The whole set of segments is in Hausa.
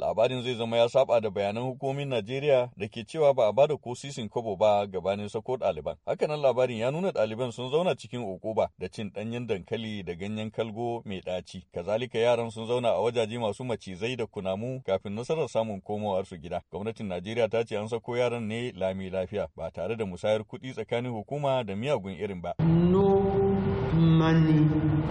labarin zai zama ya saba da bayanan hukumomin Najeriya da ke cewa ba a bada ko sisin kobo ba gabanin sako ɗaliban. Hakanan labarin ya nuna ɗaliban sun zauna cikin ukuba da cin ɗanyen dankali da ganyen kalgo mai ɗaci. Kazalika yaran sun zauna a wajaje masu macizai da kunamu kafin nasarar samun komowar su gida. Gwamnatin Najeriya ta ce an sako yaran ne lami lafiya ba tare da musayar kuɗi tsakanin hukuma da miyagun irin ba. money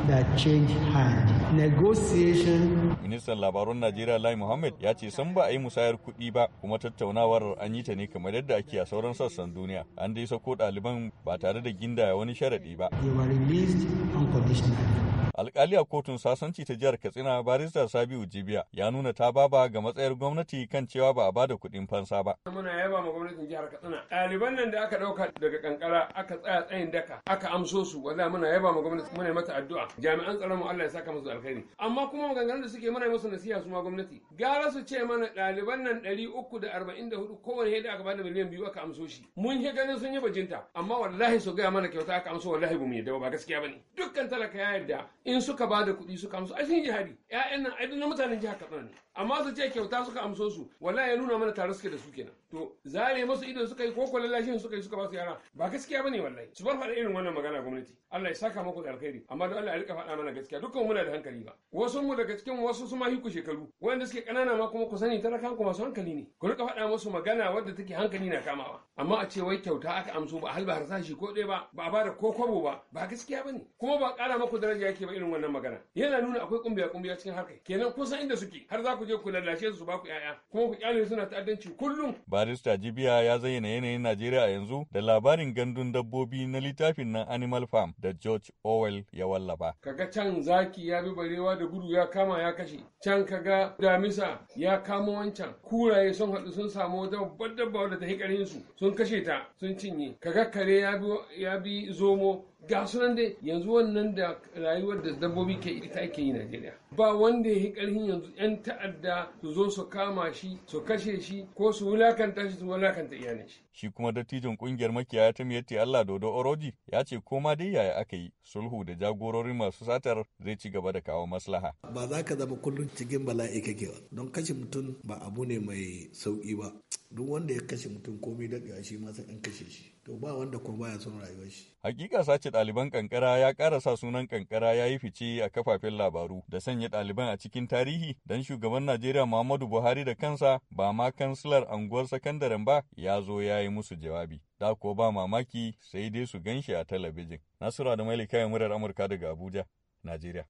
that change hand. Negotiation. Ministan labarun Najeriya Lai Muhammad ya ce san ba a yi musayar kuɗi ba kuma tattaunawar an yi ta ne kamar yadda ake a sauran sassan duniya. An dai sako ɗaliban ba tare da gindaya wani sharaɗi ba. They were released unconditionally. alkali a kotun sasanci ta jihar katsina barista sabiu jibiya ya nuna ta baba ga matsayar gwamnati kan cewa ba a bada kuɗin fansa ba muna yaba ma gwamnatin jihar katsina ɗaliban nan da aka ɗauka daga kankara aka tsaya tsayin daka aka amso su wanda muna yaba yaba ma gwamnati muna mata addu'a jami'an tsaron mu Allah ya saka musu alkhairi amma kuma maganganun da suke muna musu nasiha su ma gwamnati gara su ce mana ɗaliban nan ɗari uku da arba'in da hudu kowane hedi aka bada miliyan biyu aka amso shi mun yi ganin sun yi bajinta amma wallahi su gaya mana kyauta aka amso wallahi ba mu yadda ba gaskiya bane dukkan talaka ya yarda in suka bada kuɗi suka amso ai sun jihadi ƴaƴan nan ai na mutanen jihar Katsina ne amma su ce kyauta suka amso su wallahi ya nuna mana tare suke da su kenan to zare musu ido suka yi ko ko suka yi suka ba su yara ba gaskiya bane wallahi su bar faɗa irin wannan magana gwamnati Allah ya saka saka muku da alkhairi amma don Allah ya rika faɗa mana gaskiya dukkan muna da hankali ba wasu mu daga cikin wasu su ma ku shekaru wanda suke kanana ma kuma ku sani talakan ku masu hankali ne ku rika faɗa musu magana wadda take hankali na kamawa amma a ce wai kyauta aka amsu ba halba sashi ko ɗaya ba ba a bada ko kwabo ba ba gaskiya bane kuma ba ƙara muku daraja yake ba irin wannan magana yana nuna akwai kumbiya kumbiya cikin harka kenan kun san inda suke har za ku je ku lallashe su ba ku yaya kuma ku kyale suna ta'addanci kullum barista jibiya ya zayyana yanayin Najeriya a yanzu da labarin gandun dabbobi na littafin nan Animal Farm da George George Orwell ya wallafa. Kaga can zaki ya bi barewa da gudu ya kama ya kashe, can kaga damisa ya kama wancan, kuraye sun haɗu sun samu wata babbar dabba da ta hikarin su sun kashe ta sun cinye, kaga kare ya bi zomo ga sunan dai yanzu wannan da rayuwar da dabbobi ke ita ake yi Najeriya ba wanda ya yi karhin yanzu yan ta'adda su zo su kama shi su kashe shi ko su wulakanta shi su wulakanta iyalin shi shi kuma dattijon kungiyar makiyaya ta miyatti Allah Dodo Oroji ya ce ko ma dai yaya aka yi sulhu da jagororin masu satar zai ci gaba da kawo maslaha ba za ka zama kullum cikin bala'i kake ba don kashe mutum ba abu ne mai sauki ba duk wanda ya kashe mutum komai daɗewa shi ma sai an kashe shi to ba wanda kuma baya son rayuwar shi hakika sace ɗaliban kankara ya ƙara sa sunan kankara ya yi fice a kafafen labaru da sanya ɗaliban a cikin tarihi dan shugaban najeriya muhammadu buhari da kansa ba ma kansilar anguwar sakandaren ba ya zo ya yi musu jawabi da ko ba mamaki sai dai su ganshi a talabijin nasura da mailika murar amurka daga abuja najeriya